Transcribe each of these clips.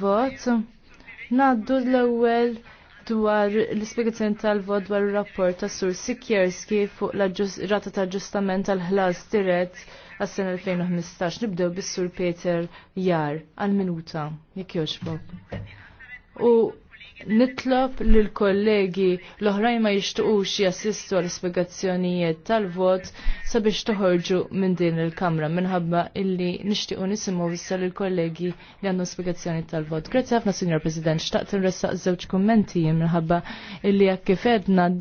vot. Naddu l-ewwel dwar l-ispjegazzjoni tal-vot dwar ir-rapport ta' Sur Sikjerski fuq l-rata ta' ġustament tal-ħlas dirett għas-sena 2015. Nibdew bis-Sur Peter Jar għal-minuta. Jekk jogħġbok. U nitlob l kollegi l-oħrajn ma jishtuqux jassistu għal spiegazzjonijiet tal-vot sabiex toħorġu minn din il-kamra minħabba illi nixtiequ nisimgħu issa l kollegi li għandhom spiegazzjoni tal-vot. Grazzi ħafna Signor President, xtaqt nressaq żewġ kummenti minħabba illi jekk kif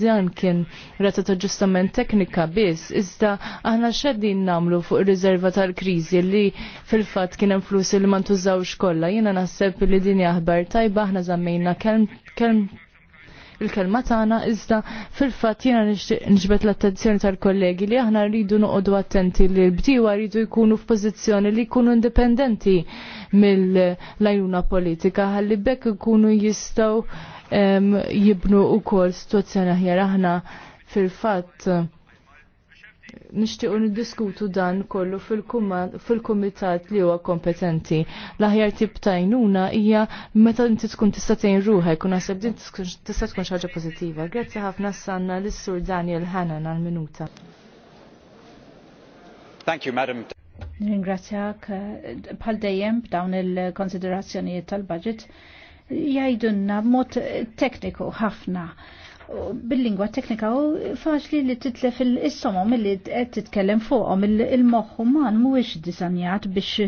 dan kien rata ta' ġustament teknika biss, iżda aħna xeddin nagħmlu fuq ir-riserva tal-kriżi li fil-fatt kien hemm flus li ma ntużawx kollha. Jiena naħseb li din jahbar tajba aħna zammejna kelm il-kelma tagħna iżda fil-fatt jiena nixbet l-attenzjoni tal-kollegi li aħna rridu noqogħdu attenti li l-bdiewa rridu jkunu f'pożizzjoni li jkunu indipendenti mill-lajuna politika ħalli bekk ikunu jistgħu jibnu wkoll situazzjoni aħjar aħna fil-fatt nishtiqu niddiskutu dan kollu fil-kumitat li huwa kompetenti. L-aħjar tip tajnuna hija meta inti tkun tista' tgħin ruħek u naħseb din tista' tkun xi ħaġa pożittiva. Grazzi ħafna sanna lis-Sur Daniel Hannan għal-minuta. Thank you, Madam. Ringrazzjak eh, bħal dejjem dawn il-konsiderazzjonijiet tal-budget jgħidunna mod eh, tekniku ħafna bil-lingwa teknika u faċli li titlef il-somom li qed titkellem fuqhom il moħħu uman mhuwiex disanjat biex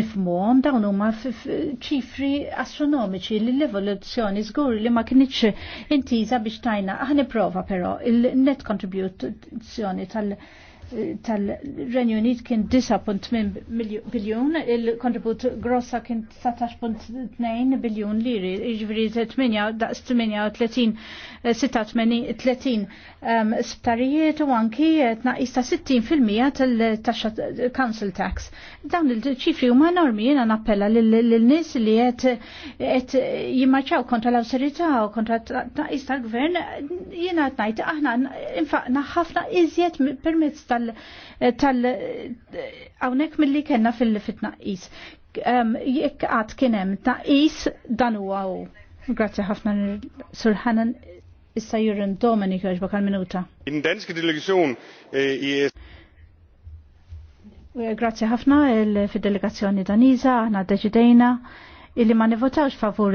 nifmuhom dawn huma ċifri astronomiċi li l-evoluzzjoni żgur li ma kinitx intiża biex tajna aħna prova però il-net contribuzzjoni tal- tal-Renju Unit kien 9.8 biljun, il-kontribut grossa kien 17.2 biljun liri, iġviri 38, 36 sptarijiet u anki eh, tnaqis 60% tal-council eh, tax dawn il-ċifri huma enormi jiena nappella lil-nies li qed qed kontra l-awsterità u kontra t-taqis tal-gvern jiena qed ngħid aħna infaqna ħafna iżjed permezz tal- tal hawnhekk milli kellna fil-tnaqqis. Ehm, jekk għad kien hemm tnaqis dan huwa hu. Grazzi ħafna Sur issa jurin Dominik għax bakal minuta. In danske delegation eh, Grazie ħafna fil Danisa Daniza, għana deċidejna illi ma nivotawx favur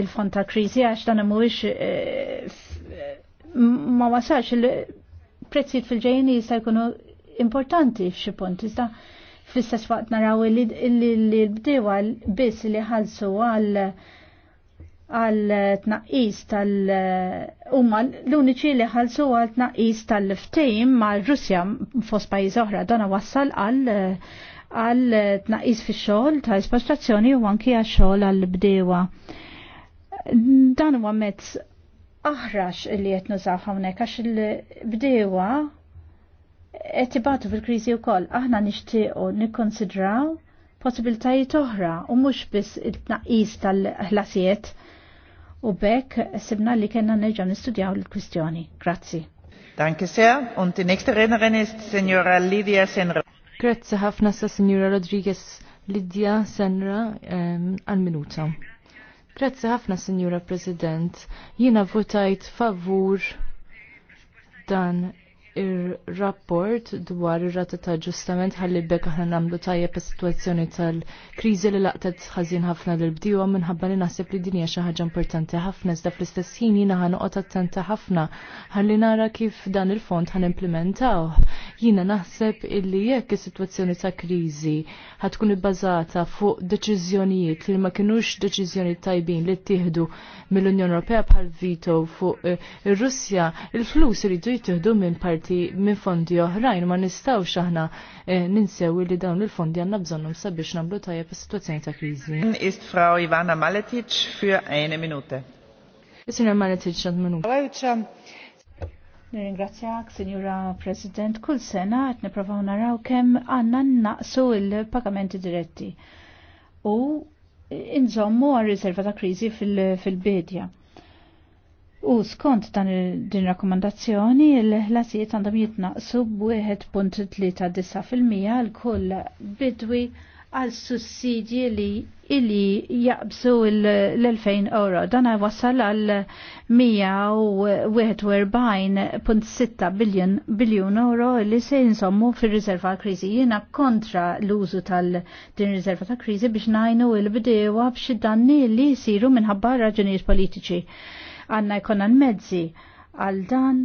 il fonta krizi għax dan mhuwiex eh, ma wasax il-prezzijiet fil-ġejjeni jista' jkunu importanti f'xi punt iżda fl-istess waqt naraw illi l-bdewa biss li ħalsu għal għal tnaqqis tal- umma l-uniċi li ħalsu għal tnaqqis tal-ftejm mal russja fost pajjiż oħra dana wassal għal għal tnaqqis fi xogħol ta' ispostrazzjoni u anki għal xogħol għal bdewa. Dan huwa mezz aħrax li qed nużaw hawnhekk għax il-bdewa qed ibatu fil-kriżi wkoll. Aħna nixtiequ nikkonsidraw possibiltajiet oħra u mhux biss it-tnaqqis tal-ħlasijiet u bekk sibna li kena neġa nistudjaw l-kwistjoni. Grazzi. Danke sehr und die nächste Rednerin ist Signora Lidia Senra. Grazie ħafna sa Signora Rodriguez Lidia Senra ehm, għal-minuta. Grazie ħafna Signora President. Jina votajt favur dan ir-rapport dwar ir-rata ta' ġustament ħalli bekk aħna nagħmlu tajjeb is-sitwazzjoni tal-kriżi li laqtet ħażin ħafna lil bdiewa minħabba li naħseb li din hija xi ħaġa importanti ħafna iżda fl-istess ħin jiena ħa noqgħod attenta ħafna ħalli nara kif dan il-fond ħan implementaw. Jiena naħseb illi jekk is-sitwazzjoni ta' kriżi ħatkun ibbażata fuq deċiżjonijiet li ma kinux deċiżjoni tajbin li ttieħdu mill-Unjoni Ewropea bħal vito fuq eh, ir-Russja, il-flus iridu jittieħdu minn parti finanzjati minn fondi oħrajn ma nistgħux aħna eh, ninsew li dawn il-fondi għandna bżonnhom sabiex nagħmlu tajjeb is-sitwazzjoni ta' kriżi. Ist Frau Ivana Maletic für eine Minute. Signor Maletic għad minuta. Nirringrazzjak, Signora President, kull sena qed niprofaw naraw kemm għandna naqsu il-pagamenti diretti. U inżommu għal riserva ta' kriżi fil-bidja. fil bedja fil U skont dan din rakkomandazzjoni il-ħlasijiet għandhom jitnaqsu b'1.39% għal kull bidwi għal sussidji li illi jaqbsu l-2000 euro. Dan wasal għal 141.6 biljon euro li se insommu fil riserva krizi. Jena kontra l-użu tal-din riserva ta' krizi biex najnu il-bidewa b'xi danni li jisiru minħabba raġunijiet politiċi għanna jkun mezzi għal dan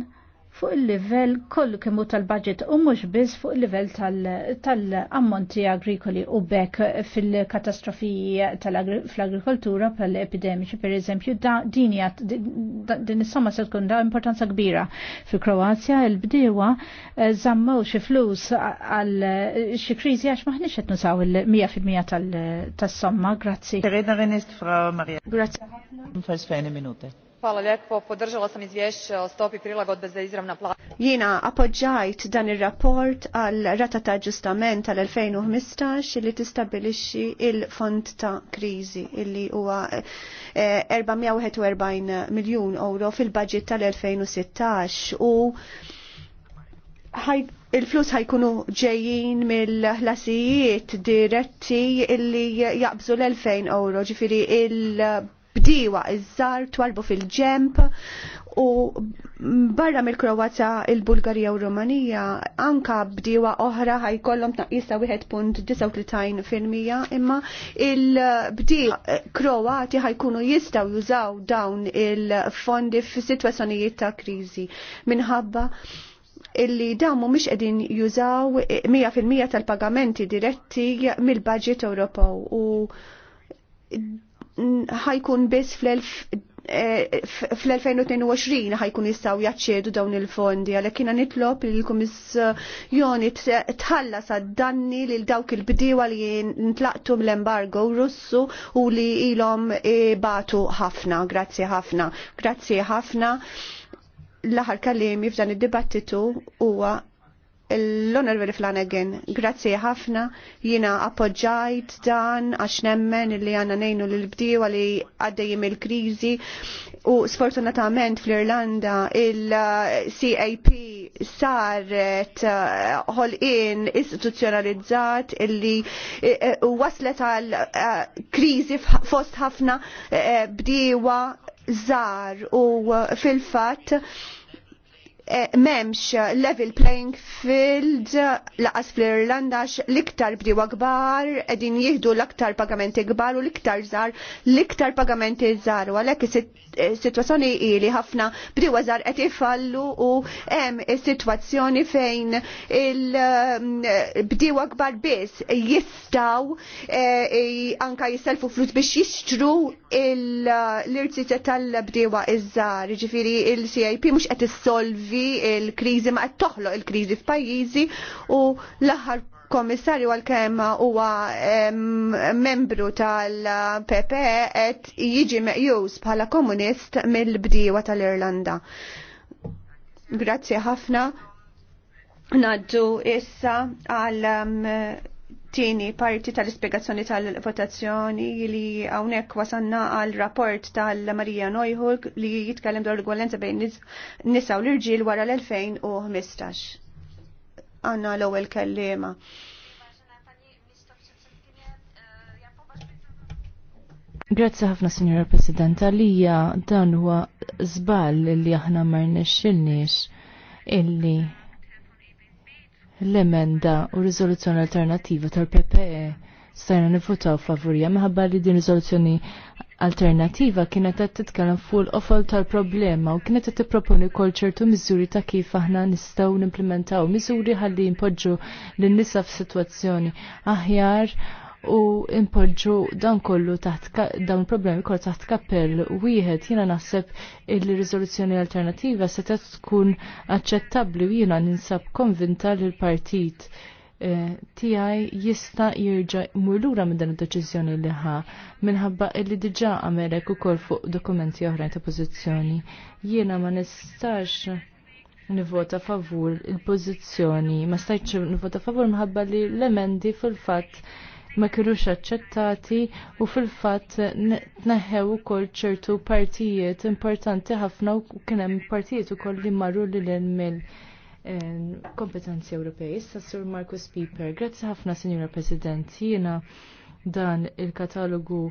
fuq il-livell kollu kemmu tal-budget u mhux biss fuq il-livell tal-ammonti agrikoli u bekk fil-katastrofi fl-agrikoltura pal-epidemiċi per eżempju dinja din is-somma se tkun da importanza kbira fil-Kroazja il bdewa żammew eh, xi flus għal eh, xi kriżi għax maħniex qed nusaw il-100% tas-somma, grazzi. Grazzi ħafna. Jiena appoġġajt dan ir-rapport għal rata ta' aġġustament tal-2015 li tistabbilixxi il-fond ta' kriżi illi huwa 441 eh, miljun euro fil baġit tal-2016 u il-flus ħajkunu ġejjin mill-ħlasijiet diretti illi jaqbżu l-2000 euro ġifiri il- bdiwa iż-żar twalbu fil-ġemp u barra mill-Kroazja il-Bulgarija u Rumanija anka bdiwa oħra ħajkollhom tnaqqisa 1.39 fil-mija imma il bdiwa Kroati ħajkunu jistgħu jużaw dawn il-fondi f'sitwazzjonijiet ta' kriżi minħabba illi dawn mhumiex qegħdin jużaw 100% tal-pagamenti diretti mill-budget Ewropew u ħajkun biss fl-2022 eh, ħajkun jistaw jaċċedu dawn il-fondi, għalek kiena nitlob li l-Komissjoni tħallas għad-danni li l-dawk il-bdiwa li ntlaqtu l-embargo russu u li ilom eh, batu ħafna, grazzi ħafna, grazzi ħafna. L-aħar kalimi f'dan id-dibattitu huwa l-Honorable Flanagan, grazzi ħafna, jina appoġġajt dan għax nemmen li għanna nejnu l-bdiewa li għaddejjem il-krizi u sfortunatament fl-Irlanda il-CAP saret eh, ħolqien uh, istituzzjonalizzat illi uh, waslet għal uh, krizi fost ħafna bdiewa zar u fil-fat Eh, memx level playing field laqas fl-Irlanda l-iktar bdiwa kbar edin jihdu l-iktar pagamenti kbar u l-iktar zar l-iktar pagamenti zar u għalek eh, situazzjoni ili ħafna bdiwa zar qed ifallu u hemm situazzjoni fejn il-bdiwa eh, kbar biss jistaw anka jisselfu flus biex jixtru l-irtizja tal-bdiwa iż-żar ġifiri il-CIP mhux qed issolvi solvi il-kriżi ma qed toħloq il-kriżi f'pajjiżi u l-aħħar komissarju għal-kem huwa membru tal-PPE qed jiġi meqjus bħala komunist mill-bdiewa tal-Irlanda. Grazzi ħafna. Naddu issa għal tieni parti tal-ispiegazzjoni tal-votazzjoni li hawnhekk wasanna għal rapport tal-Marija Neuhulk li jitkellem dwar l-gwalenza bejn nisa u l-irġiel wara l-2015. Għanna l-ewwel kellima. Grazzi ħafna, Signora Presidenta. li dan huwa żball li aħna ma rnexxilniex illi l-emenda u riżoluzzjoni alternativa tal-PPE stajna nifutaw favorija minħabba li din rizoluzzjoni alternativa kienet qed titkellem fuq l-qofol tal-problema u kienet qed tipproponi wkoll ċertu miżuri ta' kif aħna nistgħu nimplementaw miżuri ħalli jinpoġġu lin-nisa f'sitwazzjoni aħjar u impoġġu dan kollu taħt dawn problemi kol taħt kappell wieħed jiena naħseb il-riżoluzzjoni alternattiva se tkun aċċettabbli u jiena ninsab konvinta li l-partit eh, tiegħi jista' jirġa' jmur lura minn dan id-deċiżjoni li ħa minħabba li diġà għamelek ukoll fuq dokumenti oħrajn ta' pożizzjoni. Jiena ma nistax nivota favur il-pożizzjoni, ma stajtx nivota favur minħabba li l-emendi fil-fatt ma kinux aċċettati u fil-fatt tneħħew ukoll ċertu partijiet importanti ħafna u kien hemm partijiet ukoll li marru lil mill eh, kompetenzi Ewropej. Issa Sur Markus Piper, grazzi ħafna Sinjura President, jiena dan il-katalogu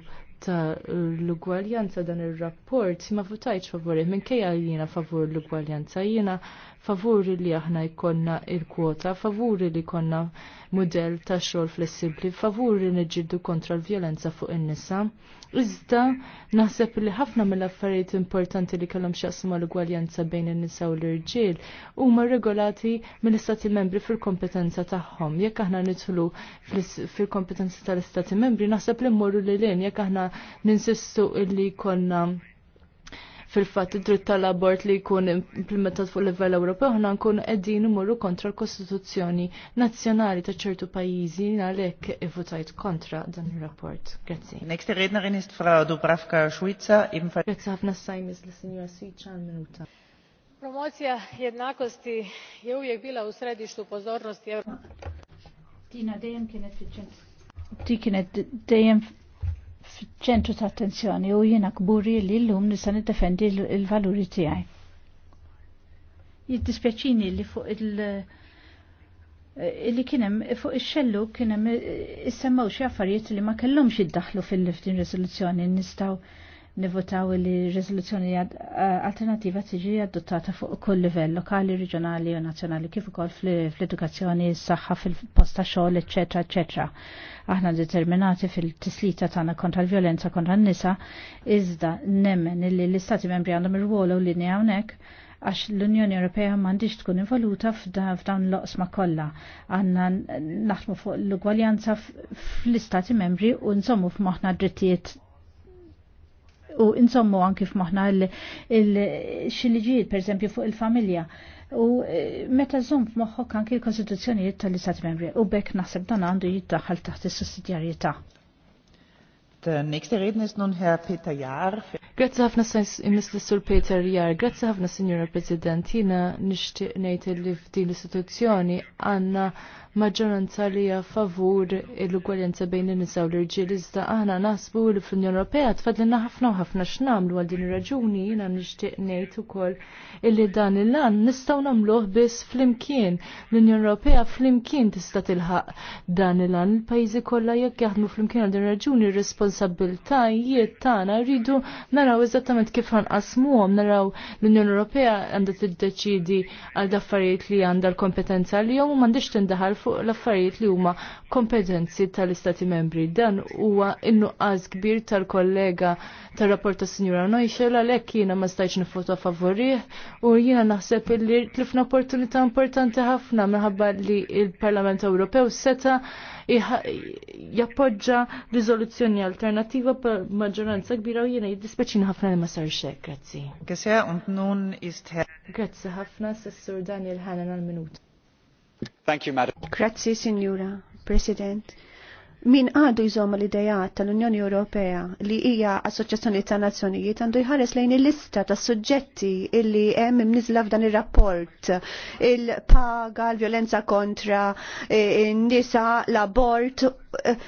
ta' l-ugwaljanza dan ir rapport ma votajċ favori, minn kejja jiena favor l-ugwaljanza, jiena favuri li aħna jkonna il-kwota, favuri li konna model ta' xogħol flessibli, favuri li kontra l-vjolenza fuq in-nisa. Iżda naħseb li ħafna mill-affarijiet importanti li kellhom x'jaqsmu l-ugwaljanza bejn in-nisa u l-irġiel huma regolati mill-istati membri fil-kompetenza tagħhom. Jekk aħna nidħlu fil-kompetenza tal-istati membri, naħseb li mmorru lil jekk aħna ninsistu illi konna fil fat id-dritt tal-abort li jkun implementat fuq livell Ewropew ħna nkun qegħdin imorru kontra l-Kostituzzjoni nazzjonali ta' ċertu pajjiżi għalhekk ivvutajt kontra dan ir-rapport. Grazzi. Next rednerin ist Frau brafka Schwitza, ebenfalls. Grazzi ħafna sajmis li sinjura Switza minuta. Promocija jednakosti je uvijek bila u središtu pozornosti Tina dejjem kienet Ti kienet dejjem fiċ-ċentru ta' attenzjoni u jiena kburi li l-lum nista' niddefendi l-valuri tiegħi. Jiddispjaċini li fuq il- li kienem fuq ix-xellu kienem issemmaw xi affarijiet li ma kellhomx iddaħlu fil-din riżoluzzjoni nistgħu nivotaw li riżoluzzjoni alternativa tiġi adottata fuq kull livell lokali, reġjonali u nazzjonali kif ukoll fl-edukazzjoni, s-saħħa, fil-posta xogħol, eċetera, eċetera. Aħna determinati fil-tislita tagħna kontra l-vjolenza kontra n-nisa iżda nemmen li l-istati membri għandhom ir-ruol li hawnhekk għax l-Unjoni Ewropea m'għandix tkun involuta f'dawn l-oqsma kollha. Għandna naħdmu fuq l-ugwaljanza fl-Istati membri u nżommu f'moħħna drittijiet u insommu anki f'maħna il-xiliġijiet, per esempio, fuq il-familja. U e, meta zom f'moħħok anki l-Kostituzzjonijiet tal-Istat Membri u bekk naħseb dan għandu jittaħħal taħt is-sussidjarjetà. Grazie ħafna Mr. Sur Peter Jar. Grazie ħafna Signora President. nishtiq ngħid li f'din l-istituzzjoni għanna maġġoranza li hija favur l-ugwaljanza bejn in-nisa u l-irġiel iżda aħna naħsbu li fl-Unjoni Ewropea tfadilna ħafna u ħafna x'namlu għal din ir-raġuni jiena nixtieq ngħid ukoll illi dan il-lan nistgħu nagħmluh biss flimkien. L-Unjoni Ewropea flimkien tista' tilħaq dan il-lan. Il-pajjiżi kollha jekk jaħdmu flimkien għal din ir-raġuni r-responsabbiltajiet tagħna rridu naraw eżattament kif ħanqasmuhom, naraw l-Unjoni Ewropea għandha tiddeċidi għal daffarijiet li għandha l-kompetenza li jew m'għandix tindaħal fuq l-affarijiet li huma kompetenzi tal-Istati membri. Dan huwa innuqqas kbir tal-kollega tal-rapport ta' Sinjura Noichel għalhekk jiena ma stajtx nifota favorih u jiena naħseb li tlifna opportunità importanti ħafna minħabba li il-Parlament Ewropew seta' jappoġġa riżoluzzjoni alternativa per maġġoranza kbira u jiena jiddispeċin ħafna li ma sar xek, grazzi. Grazzi ħafna, Sessur Daniel Hanna għal minuta Grazzi, Signora President. Min għadu jżomma l-idejat tal-Unjoni Ewropea li hija Assoċjazzjoni ta' Nazzjonijiet għandu jħares lejn il-lista ta' suġġetti illi hemm imniżla f'dan ir-rapport il-paga, l-vjolenza kontra eh, n-nisa, l-abort eh,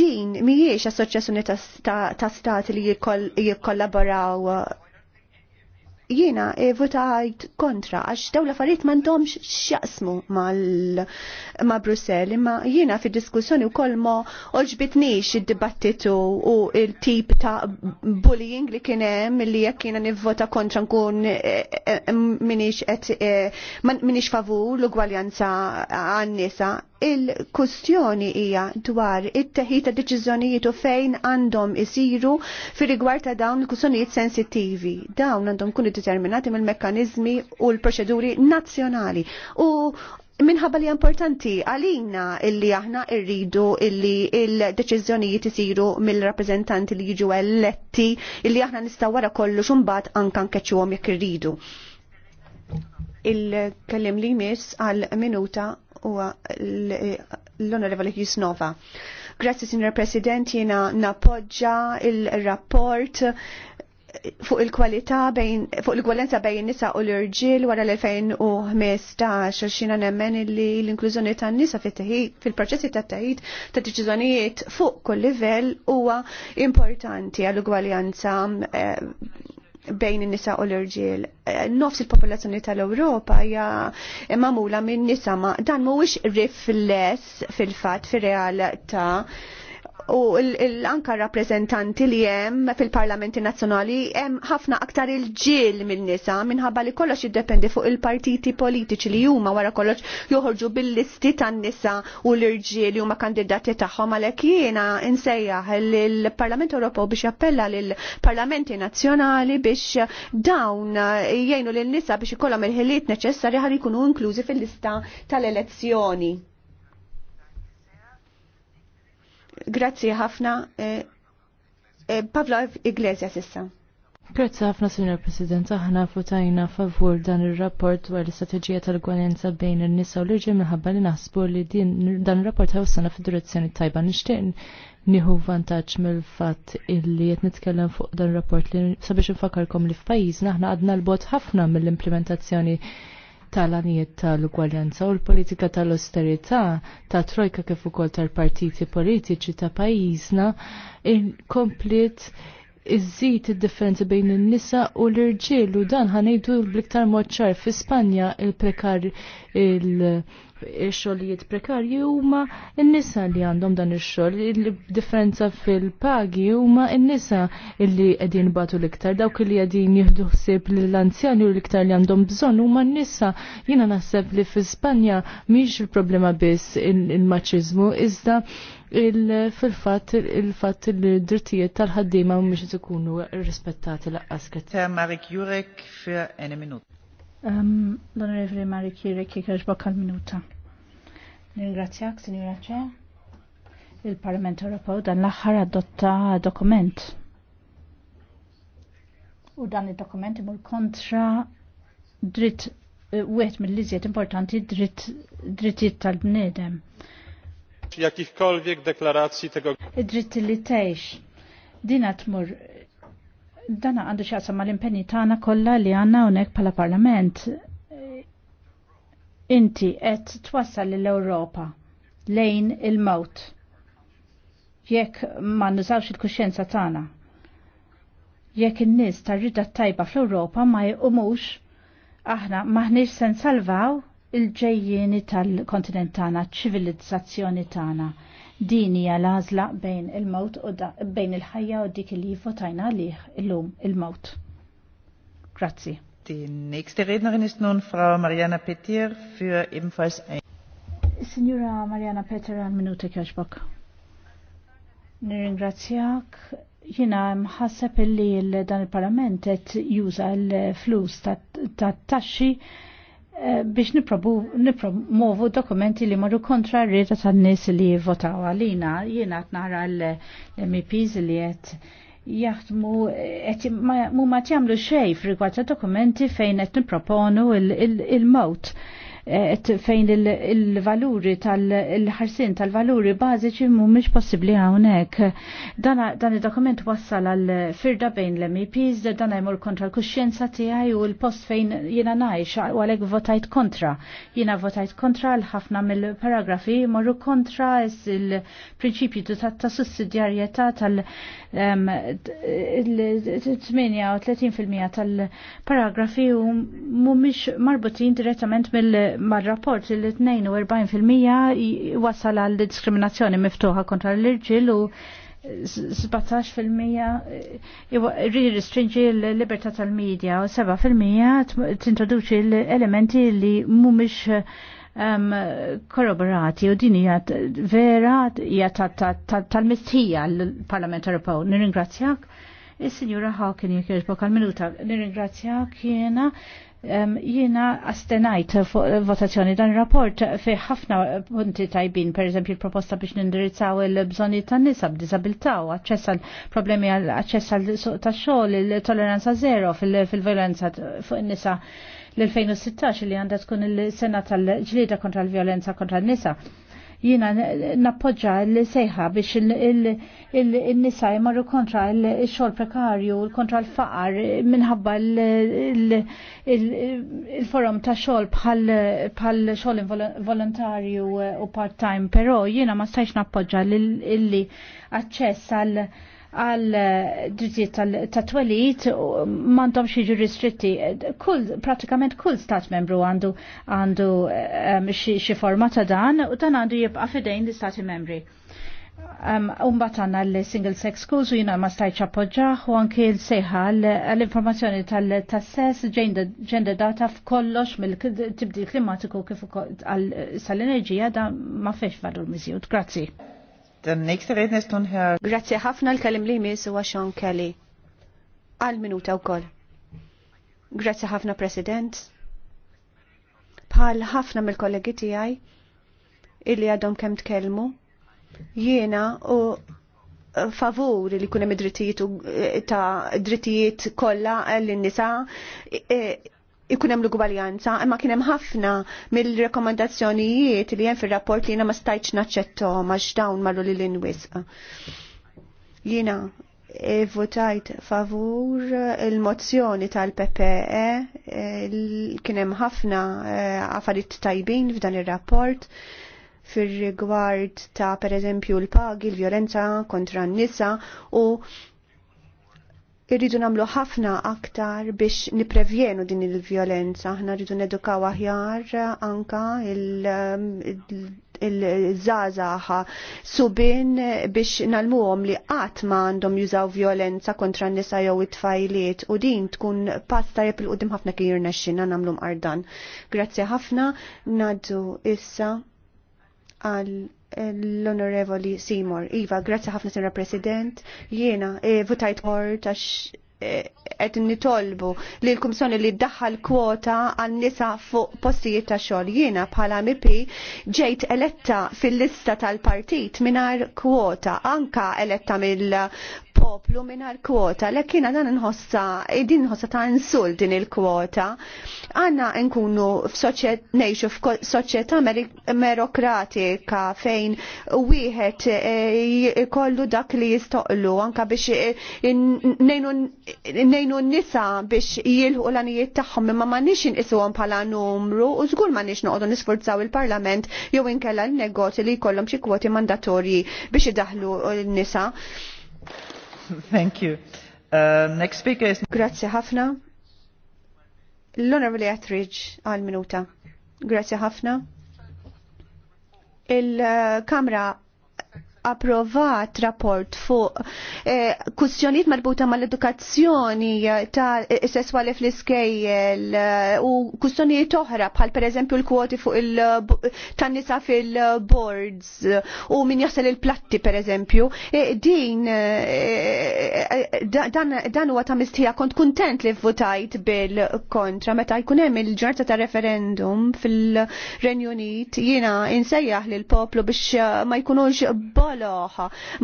din mhijiex assoċjazzjoni ta', ta stati li jikkollaboraw jiena eh, votajt kontra għax daw l-affarijiet m'għandhomx x'jaqsmu ma' Brussell, imma jiena fid-diskussjoni wkoll ma oġbitnix id-dibattitu u il-tip ta' bullying li kien hemm li jekk jiena nivvota kontra nkun eh, eh, minix favur l-ugwaljanza għan-nisa il-kustjoni hija dwar it-teħid ta' deċiżjonijiet u fejn għandhom isiru fir rigward ta' dawn il-kustjonijiet sensittivi. Dawn għandhom kunu determinati mill-mekkanizmi u l-proċeduri nazzjonali. U minħabba li importanti għalina illi aħna irridu illi il-deċiżjonijiet isiru mill-rappreżentanti li jiġu eletti illi aħna nistaw wara xumbat ankan anke nkeċċuhom jekk irridu. Il-kellim li jmiss għal minuta huwa l onorevol Jusnova. Grazzi, Signor President, jiena napoġġa il-rapport fuq il-kwalità bejn fuq il-gwalenza bejn nisa u l-irġiel wara l-2015 xina nemmen li l-inklużjoni tan-nisa fil-proċessi tat-taħid ta' deċiżjonijiet fuq kull livell huwa importanti għall-ugwaljanza eh, bejn in-nisa u l-irġiel. Eh, nofs il-popolazzjoni tal-Ewropa hija magħmula minn nisa ma dan mhuwiex rifless fil-fatt fir-realtà. Fil u l-anka rappresentanti li hemm fil-parlamenti nazzjonali hemm ħafna aktar il ġil minn nisa minħabba li kollox jiddependi fuq il-partiti politiċi li huma wara kollox joħorġu bil-listi tan-nisa u l-irġiel huma kandidati tagħhom għalhekk jiena insejjaħ lill-Parlament Ewropew biex jappella lill-parlamenti nazzjonali biex dawn jgħinu lin-nisa biex ikollhom il-ħiliet neċessarji ħar jkunu inklużi fil-lista tal-elezzjoni. Grazzi ħafna. E, e, Pavlo Iglesias issa. Grazzi ħafna, Signor President, aħna futajna favur dan il-rapport dwar l-istrateġija tal-gwanenza bejn il-nisa u l-irġiel minħabba li naħsbu li din dan il-rapport ħawsana fid-direzzjoni tajba nixtieq nieħu vantaġġ mill-fatt illi qed nitkellem fuq dan il-rapport li sabiex infakarkom li f'pajjiżna aħna għadna l-bot ħafna mill-implementazzjoni tal anijiet tal-ugwaljanza u l-politika tal-austerità ta' trojka kif ukoll tal-partiti politiċi ta' pajjiżna inkomplet iżżid id-differenzi bejn in-nisa u l-irġiel u dan ħanejdu bl-iktar mod ċar fi Spanja il-prekar il-xogħlijiet prekarji huma n-nisa li għandhom dan ix-xogħol, il-differenza fil-pagi huma n-nisa li qegħdin batu l-iktar, dawk li qegħdin jieħdu ħsieb lill-anzjani u l-iktar li għandhom bżonn huma n-nisa. Jiena naħseb li fi Spanja mhix il-problema biss il-maċiżmu iżda fil-fat il-fat il-drittijiet tal-ħaddima u miex ikunu rispettati laqqas Marik Jurek fir 1 minut. Um, L-Onorevoli Mari Kiri kikħarġ bakal minuta. Ringrazzjak, Signora Ċe. Il-Parlament Ewropew dan l-aħħar adotta dokument. U dan il-dokument imur kontra dritt eh, wieħed mill-liżiet importanti dritt drittijiet tal-bniedem. Jakichkolwiek deklarazzji tego. id li teħx. Dina tmur dana għandu xaqsa ma l-impenni tagħna kollha li għandna hawnhekk bħala Parlament. Inti qed twassal l-Ewropa lejn il-mewt. Jekk ma nużawx il kuxenza tagħna. Jekk in-nies tar-rida tajba fl-Ewropa ma jqumux aħna maħniex se nsalvaw il-ġejjieni tal-kontinent tagħna, ċivilizzazzjoni tagħna. Din hija l-għażla bejn il mawt u bejn il-ħajja u dik li votajna lih illum il mawt Grazzi. Die nächste Rednerin ist nun Frau Mariana Petir für ebenfalls ein. Signora Mariana Petir għal minute kħaxbok. Nirringrazzjak jina mħasseb li dan il-parlament et juża l-flus ta' taxxi ta biex nipromovu dokumenti li marru kontra rrida tan nies li votaw għalina. Jiena għat nara l mps li qed jaħdmu mu ma jagħmlu xej f'rigward dokumenti fejn qed nipproponu il-mowt. il mot il il fejn il-valuri tal-ħarsin tal-valuri bażiċi mhumiex possibbli hawnhekk. Dan id-dokument wassal għal firda bejn l-MEPs, dan jmur kontra l-kuxjenza tiegħi u l-post fejn jiena ngħix u għalhekk votajt kontra. Jiena votajt kontra l ħafna mill-paragrafi morru kontra il-prinċipju ta' sussidjarjetà tal- 38% tal-paragrafi u mhumiex marbutin direttament mill- mar-rapport li l-42% wasal għal diskriminazzjoni miftuħa kontra l-irġil u 17% eh, restringi l-libertà tal-medja u 7% tintroduċi l-elementi li mumiex um, ehm, korroborati u din hija vera hija tal-mistija l-Parlament Ewropew. Nirringrazzjak. Is-Sinjura e, Hawkin jekk jirġbok għal-minuta. Nirringrazzjak jiena Jiena jina astenajt fuq votazzjoni dan rapport fi ħafna punti tajbin, per eżempju il-proposta biex nindirizzaw il bżonni tan nisa b'disabilità u aċċess għal problemi għal aċċess għal suq ta' xogħol, il-toleranza zero fil-violenza fuq in-nisa l-2016 li għandha tkun il-sena tal-ġlida kontra l-violenza kontra n-nisa Jina nappoġġa l-sejħa biex il-nisa jmarru kontra l-xol prekarju, kontra l-faqar, minħabba il-forum ta' xol bħal xol volontarju u part-time, pero jina ma stajx nappoġġa l-li għacċess għal għal eh, drittijiet tat-twelid m'għandhom xi ristritti. Kull pratikament kull stat membru għandu għandu ehm, xi forma ta' dan u dan għandu jibqa' fidejn l-istati membri. Ehm, Umbat għanna l-single sex schools u jina ma stajċ appoġġaħ u anki l-sejħa l-informazzjoni tal-tassess gender data f'kollox mill-tibdil klimatiku kif għal sal-enerġija da ma fiex vadu l-mizjut. Grazzi. Grazie ħafna l-kelim li mis huwa Sean Kelly. Għal minuta wkoll. Grazie ħafna President. Bħal ħafna mill-kollegi tiegħi illi għadhom kemm tkellmu. Jiena u favur li kunem id-drittijiet ta' drittijiet kollha lin-nisa e- ikun hemm l-ugwaljanza, imma kien hemm ħafna mill-rekomandazzjonijiet li hemm fir-rapport li jiena ma stajtx naċċetto għax dawn marru l-inwis. Jiena eh, votajt favur il-mozzjoni tal-PPE kienem eh, kien hemm ħafna għafarit eh, tajbin f'dan ir-rapport fir-rigward ta' pereżempju l-pagi, l-vjolenza kontra n-nisa u Irridu namlu ħafna aktar biex niprevjenu din il-vjolenza. Aħna rridu nedukaw aħjar anka il-żazaħa subin biex nalmuhom li qatt ma għandhom jużaw violenza kontra n-nisa jew it-tfajliet u din tkun pass tajjeb il qudiem ħafna kien jirnexxina nagħmlu mqardan. Grazzi ħafna, ngħaddu issa għal l-Onorevoli Seymour. Iva, grazzi ħafna, Sra. President. Jiena, eh, votajt mort għax qed nitolbu li l kumissjoni li ddaħħal kwota għal nisa fuq postijiet ta' xogħol. Jiena bħala MP ġejt eletta fil-lista tal-partit mingħajr kwota, anka eletta mill-poplu mingħajr kwota, lek jiena dan inħossa din nħossa ta' insul din il-kwota. Għanna nkunu ngħixu f'soċjetà merokratika fejn wieħed eh, kollu dak li jistoqlu anka biex eh, nejnu nejnu n-nisa biex jilħu l-anijiet tagħhom imma ma nix inqisuhom bħala numru u żgur ma nix noqogħdu nisforzaw il-Parlament jew inkella l-negozji li jkollhom xi kwoti mandatorji biex idaħlu n-nisa. Thank you. Uh, next speaker is... Grazie ħafna. L-Honorable Etheridge għal minuta. Grazie ħafna. Il-Kamra approvat rapport fuq eh, kustjoniet marbuta mal-edukazzjoni eh, ta' eh, sessuali fl-iskejjel u kustjoniet oħra bħal per eżempju l-kwoti fuq il tan nisa fil-boards u min jasal il-platti per eżempju din dan huwa ta' mistija kont kontent li votajt bil-kontra meta jkun hemm il ġarta ta' referendum fil-Renju Unit jiena insejjaħ l poplu biex ma jkunux bor joloħ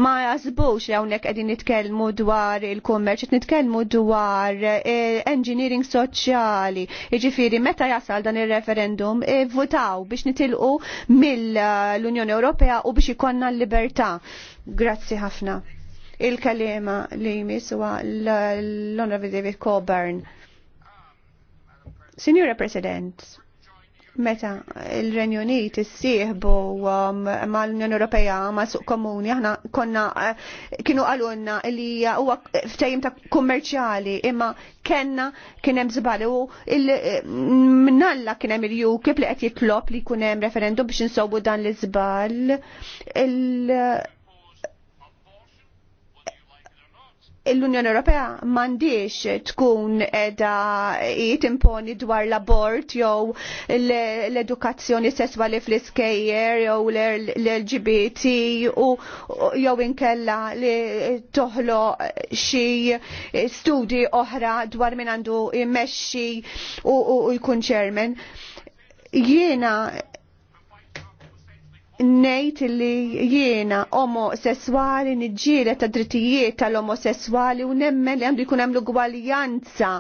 ma jasbux li hawnhekk qegħdin nitkellmu dwar il-kummerċ, qed nitkellmu dwar eh, engineering soċjali. Jiġifieri meta jasal dan ir-referendum eh, votaw biex nitilqu mill-Unjoni Ewropea u biex ikonna l-libertà. Grazzi ħafna. Il-kalima li jmiswa l-Honorable David Coburn. Signora President, meta il-Renju Unit issieħbu um, mal-Unjoni Ewropea ma' suq komuni aħna konna eh, kienu għalunna li huwa ftajim ta' kummerċjali imma kenna kien hemm żbal u eh, minnalla kien hemm il-ju li qed jitlob li jkun hemm referendum biex insobu dan l-iżbal l-Unjoni Ewropea m'għandix tkun edha jitimponi dwar l-abort jew l-edukazzjoni sesswali fl-iskejjer jew l-LGBT u jew inkella li toħlo xi studi oħra dwar min għandu immexxi u jkun chairman. Jiena nejt li jiena omosessuali nġiele ta' drittijiet tal-omosessuali u nemmen li għandu jkun hemm l-ugwaljanza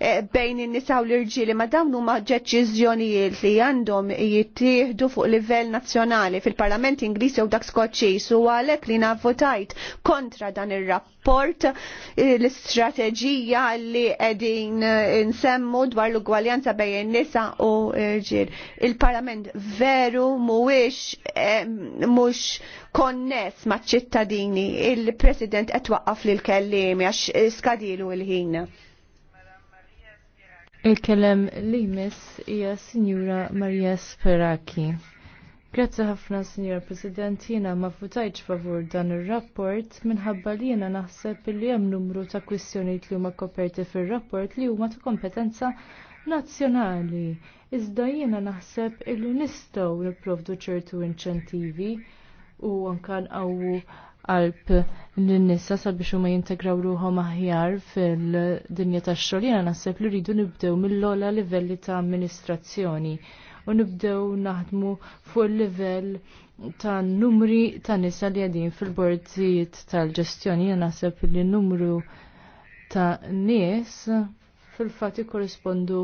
eh, bejn in-nisa u l-irġieli ma dawn huma deċiżjonijiet li għandhom jittieħdu fuq livell nazzjonali fil-Parlament Ingliż jew dak Skoċċiż u għalhekk li navvotajt kontra dan ir-rapport eh, l-istrateġija li qegħdin eh, nsemmu dwar l-ugwaljanza bejn in-nisa u l-irġiel. Il-Parlament veru mhuwiex mhux konness maċ ċittadini il-President qed waqqaf lil kelliem għax eh, skadilu il-ħin. Il-kellem li jmiss hija Sinjura Marija Speraki. Grazzi ħafna, Signor President, Jiena ma futajċ favur dan il-rapport minħabba li jiena naħseb li hemm numru ta' kwistjonijiet li huma koperti fir-rapport li huma ta' kompetenza nazzjonali. Iżda jiena naħseb illi nistgħu nipprovdu ċertu inċentivi u anke nqawwu qalb lin-nisa sabiex huma jintegraw ruhom aħjar fil-dinja tax-xogħol jiena naħseb li rridu nibdew mill ola livelli ta' amministrazzjoni u nibdew naħdmu fuq il-livell ta' numri ta' nisa li għadin fil-bordijiet tal-ġestjoni. naħseb li numru ta' nies fil-fatt jikorrispondu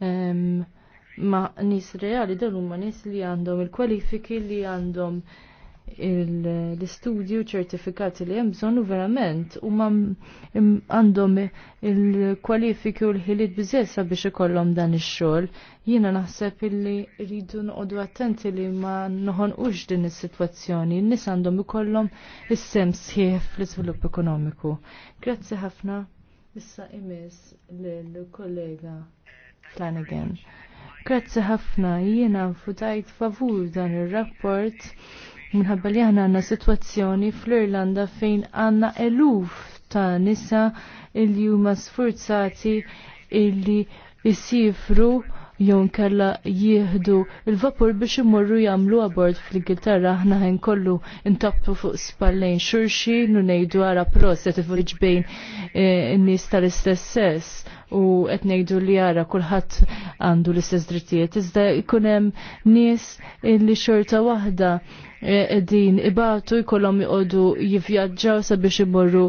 ehm, ma' nis reali dan huma nis li għandhom il-kwalifiki li għandhom l-istudju ċertifikati li hemm bżonn u verament u għandhom il-kwalifiki u l-ħiliet biżessa biex ikollhom dan ix-xogħol. Jiena naħseb illi rridu noqogħdu attenti li ma noħonqux din is-sitwazzjoni. N-nies għandhom ikollhom is-sem sħiħ fl-iżvilupp ekonomiku. Grazzi ħafna. Issa imis l-kollega Flanagan. Grazzi ħafna jiena futajt favur dan ir-rapport minħabba li aħna għandna sitwazzjoni fl-Irlanda fejn għandna eluf ta' nisa il huma sfurzati illi jisifru jew nkella jieħdu il-vapur biex imorru jagħmlu abort fl-Ingilterra aħna ħin kollu intappu fuq spallejn xurxin u ngħidu ara proset ifriġ bejn in-nies eh, tal-istess sess u qed ngħidu li ara kulħadd għandu l-istess drittijiet iżda jkun hemm nies li xorta waħda E, din ibatu jkollhom joqogħdu jivvjaġġaw sabiex imorru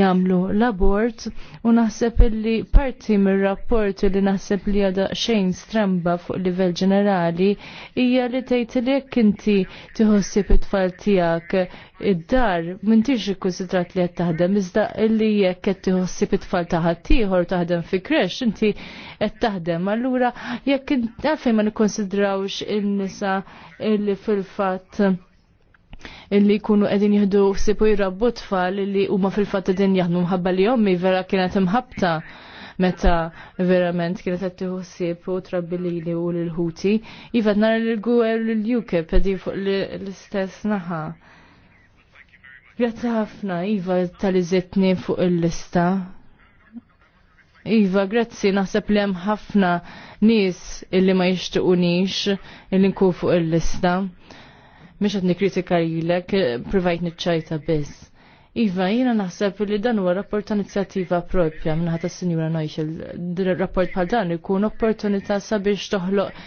jagħmlu l-abort u naħseb li parti mir-rapport li naħseb li għadha xejn stramba fuq livell ġenerali hija li tgħid li jekk inti tiħossib it-tfal tiegħek id-dar m'intix ikkunsidrat li qed taħdem iżda li jekk qed tiħossib it-tfal ta' ħaddieħor taħdem fi kresh inti qed taħdem allura jekk għalfejn ma nikkonsidrawx in-nisa li fil-fatt illi jkunu qegħdin jieħdu ħsibu jirrabbu tfal illi huma fil-fatt qegħdin jaħdmu mħabba li ommi vera kienet imħabta meta verament kienet qed tieħu ħsieb u trabbi u lil ħuti iva nara lil gwer lil UKIP e qegħdin fuq l-istess naħa. Grazzi ħafna, Iva, tal-iżetni fuq il-lista. Iva, grazzi, naħseb li hemm ħafna nies illi ma jixtiqunix illi nkun fuq il-lista mhux qed nikkritika lilek privajt niċċajta biss. Iva, jina naħseb li dan huwa rapport ta' inizjattiva propja minnaħat tas-Sinjura Noichel. Rapport bħal dan ikun opportunità sabiex toħloq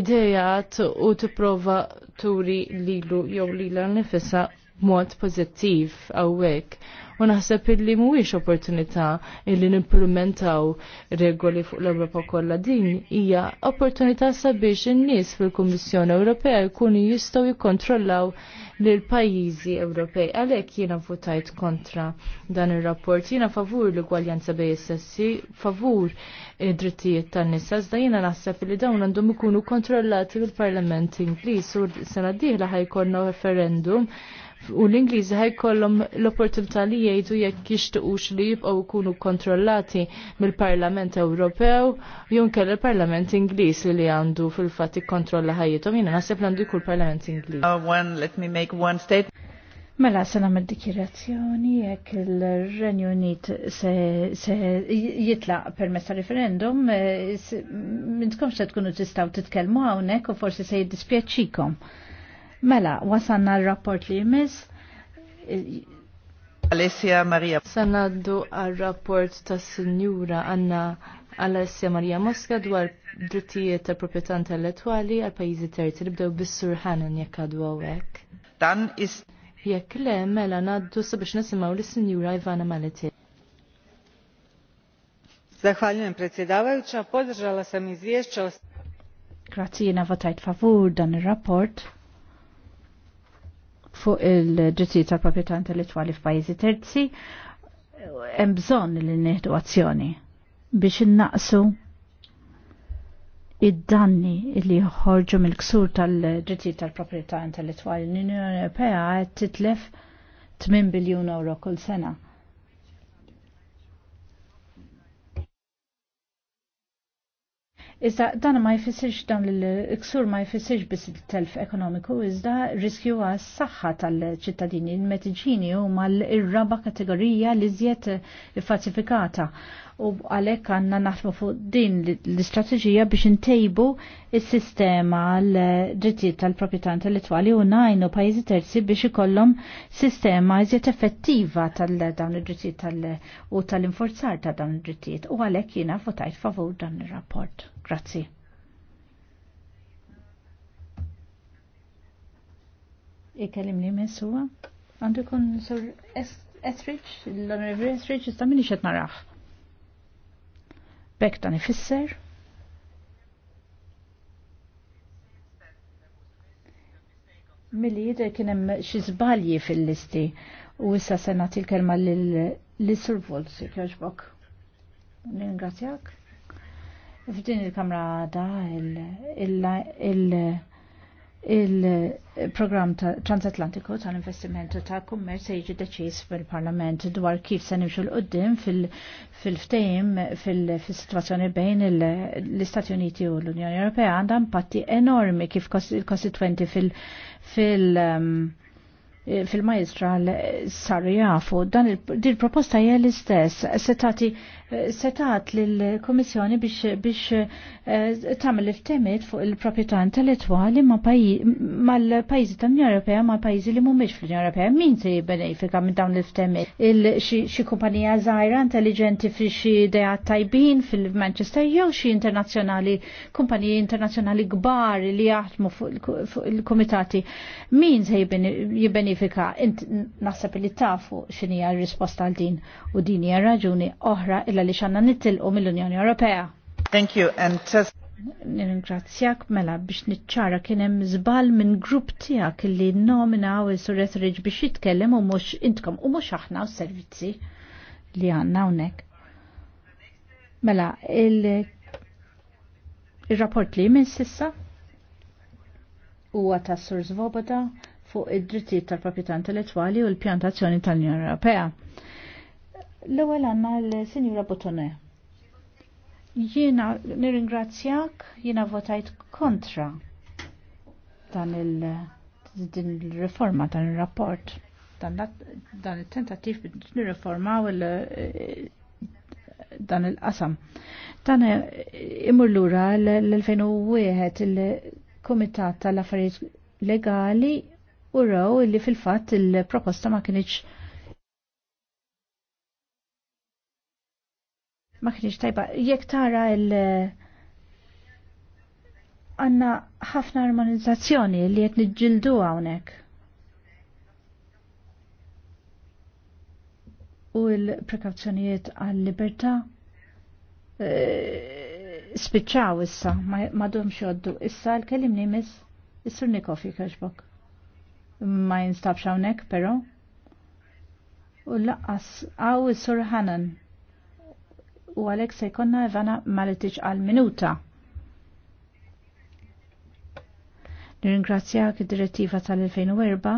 idejat u tipprova turi lilu jew lila nifisa mod pożittiv hawnhekk u naħseb illi mhuwiex opportunità illi nimplementaw regoli fuq l-Ewropa kollha din hija opportunità sabiex in-nies fil-Kummissjoni Ewropea jkunu jistgħu jikkontrollaw lil pajjiżi Ewropej. Għalhekk jiena votajt kontra dan ir-rapport. Jiena favur l-gwaljanza bej is-sessi, favur id-drittijiet tan-nisa, iżda jiena naħseb li dawn għandhom ikunu kontrollati lill parlament Ingliż u sena d-dieħla ħajkollna referendum u l-Ingliżi ħajkollhom l-opportunità li jgħidu jekk jixtiequx li jibqgħu jkunu kontrollati mill-Parlament Ewropew jew kell il-Parlament Ingliż li għandu fil-fatt ikkontrolla ħajjithom jiena naħseb għandu jkun Parlament Ingliż. Uh, mela se nagħmel dikjerazzjoni jekk il-Renju Unit se, se jitlaq permezz ta' referendum, eh, mintkom se tkunu tistaw titkellmu hawnhekk u forsi se jiddispjaċikom. Mela, wasanna l-rapport li jmiss. Alessia Maria. Sanaddu għal-rapport ta' Signora Anna Alessia Maria Mosca dwar drittijiet ta' proprietà intellettwali għal pajjiżi terzi li bdew bis-sur Hanan jekk għadu hawnhekk. Dan is Jekk le mela ngħaddu sabiex nisimgħu lis senjura Ivana Maleti. Zahvaljujem predsjedavajuća, podržala sam izvješće Grazie na votajt favur dan ir-rapport fuq il-ġittijiet tal-proprjetà intellettwali f'pajjiżi terzi hemm bżonn li nieħdu azzjoni biex innaqsu id-danni li ħorġu mill-ksur tal-ġittijiet tal-proprjetà intellettwali l-Unjoni Ewropea qed titlef 8 biljun euro kull sena Iżda dan ma jfissirx dan l-iksur ma jfissirx biss il-telf ekonomiku, iżda riskju għas saħħa tal-ċittadini, il-metiġini u mal-irraba kategorija li zjed falsifikata u għalhekk għandna naħsbu fuq din l-istrateġija biex intejbu il sistema l-drittijiet tal tal intellettwali u najnu pajjiżi terzi biex ikollhom sistema iżjed effettiva tal-dawn id-drittijiet tal u tal inforzar ta' dawn id-drittijiet u għalhekk jiena votajt favur dan ir-rapport. Grazzi. Ikellim li messuwa. Għandu kun sur Estrich, l onorevri Estrich, istamini xet narax. Bek dan ifisser Milli jidher kien hemm xi żbalji fil-listi u issa se nagħti l-kelma lil Volz jogħġbok. Ningrazzjak. F'din il-kamra da il-, il, il, il il-programm ta transatlantiku tal-investimentu ta' kummer se jiġi deċiż fil-Parlament dwar kif se nimxu l-qoddim fil-ftejim fil-situazzjoni bejn l-Istati Uniti u l-Unjoni Ewropea għandha impatti enormi kif kostituenti fil- fil- um, fil-majestral saru jafu dan il-proposta hija l-istess se setat lill-Komissjoni biex biex eh, tagħmel il temet fuq il ma intellettwali mal-pajjiżi tal-Unjoni Ewropea ma' pajjiżi li mhumiex fl-Unjoni Ewropea. Min se jibbenefika minn dawn il-temit? Xi kumpanija żgħira intelligenti fi xi ideat tajbin fil-Manchester jew xi internazzjonali kumpaniji internazzjonali kbar li jaħdmu fuq il-komitati. Min se jibbenefika? Naħseb li tafu xinija r-risposta għal din u din hija raġuni oħra il illa li xanna u mill-Unjoni Ewropea. Thank you and just Nirringrazzjak mela biex niċċara kien hemm żball minn grupp tiegħek li nominaw is-Sur Etheridge biex jitkellem u mhux intkom u mhux aħna u servizzi li għandna hawnhekk. Mela, il-rapport li minn sissa huwa ta' Sur Svoboda fuq id-drittijiet tal-proprjetà intellettwali u l-pjantazzjoni tal-Unjoni Ewropea. L-ewwel għandna l-Sinjura Botone. Jiena nirringrazzjak, jiena votajt kontra dan il din il-riforma dan il-rapport dan il-tentativ nirriformaw il- dan il-qasam. Dan imur lura l-2001 il-Komitat tal-Affarijiet Legali u raw li fil-fatt il-proposta ma kienieċ ma kienx tajba. Jekk tara il- għanna ħafna armonizzazzjoni li qed niġġildu hawnhekk. U l-prekawzjonijiet għall-libertà eh, spiċċaw issa, ma domx joddu. Issa l-kelim nimis, issur nikofi kaxbok. Ma jinstabx hawnhekk però. U laqqas għaw issur Hanan u għalek se jkonna għana Maletiċ għal-minuta. Nirringrazzjak id-direttiva tal-2004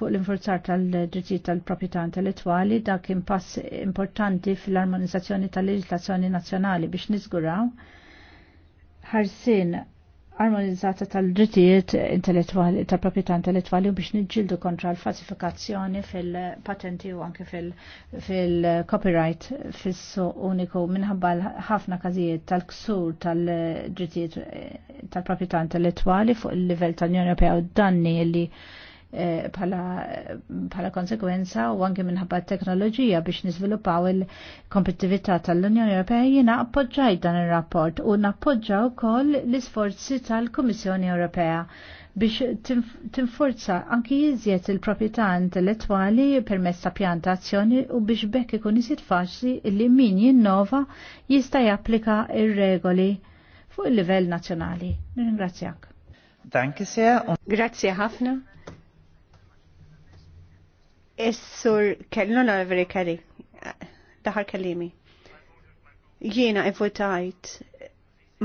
fuq l-infurzar tal-drittijiet tal-proprjetà intellettwali dak kien pass importanti fil-armonizzazzjoni tal-leġislazzjoni nazzjonali biex niżguraw ħarsin armonizzata tal-drittijiet intellettuali, tal-proprietà intellettuali u biex nġildu kontra l-falsifikazzjoni fil-patenti u anke fil-copyright fissu uniku minħabba ħafna kazijiet tal-ksur tal-drittijiet tal-proprietà intellettuali fuq il-livell tal-Unjoni Ewropea u danni li Eh, bħala konsekwenza u anke minħabba teknoloġija biex niżviluppaw il-kompetitività tal-Unjoni Ewropea jiena appoġġaj dan ir-rapport u nappoġġa wkoll l-isforzi tal-Kummissjoni Ewropea biex tinforza anki jiżjed il-proprjetà intellettwali permezz ta' pjanta azzjoni u biex bekk ikun isit faċli li min jinnova jista' japplika ir-regoli fuq il-livell nazzjonali. Nirringrazzjak. Danke sehr. Grazie ħafna. Is-sur kelli, non veri kelli, daħar kellimi. Jiena votajt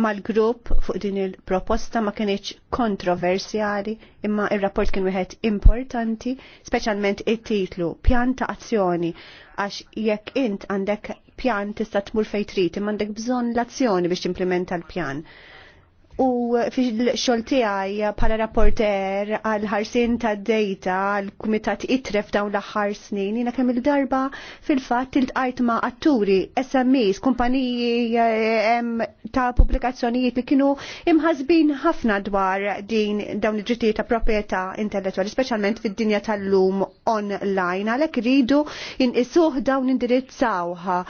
mal-grupp fuq din il-proposta ma kienieċ kontroversjali imma il-rapport kien wieħed importanti, speċjalment it-titlu pjan ta' azzjoni għax jekk int għandek pjan tista' tmur fejn trid imma għandek bżonn l-azzjoni biex timplementa l-pjan. U fil-xol tiegħi bħala rapporter għal ħarsin ta' dejta għal kumitat itref dawn l-aħħar snin, jiena kemm il-darba fil-fatt tiltqajt ma' atturi, SMEs, kumpaniji ta' pubblikazzjonijiet li kienu imħazbin ħafna dwar din dawn il-ġittijiet ta' proprjetà intellettwali, speċjalment fid-dinja tal-lum online, għalhekk ridu inqisuh dawn indirizzawha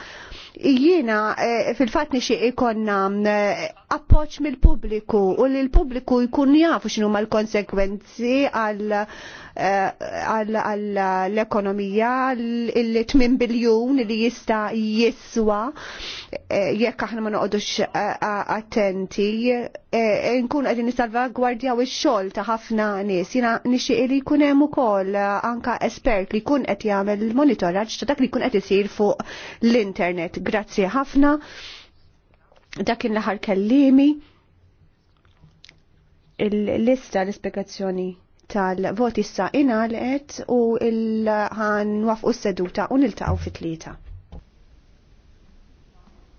Jiena eh, fil-fatt nixi ikonna eh, appoċ mill-pubbliku u li l-pubbliku jkun jafu x'inhuma l-konsekwenzi għal Eh, għall-ekonomija l 8 biljun li jista' jiswa eh, jekk aħna ma noqogħdux eh, attenti nkun qegħdin nisalvagwardjaw ix-xogħol ta' ħafna nies. Jiena nixtieq li jkun hemm ukoll anka espert li jkun qed jagħmel monitoraġġ ta' dak li jkun qed isir fuq l-internet. Grazzi ħafna. Dakin l-aħħar kellimi il-lista l-ispiegazzjoni tal-voti issa inalqet u il-ħan wafqu s-seduta u niltaqgħu fit-tlieta.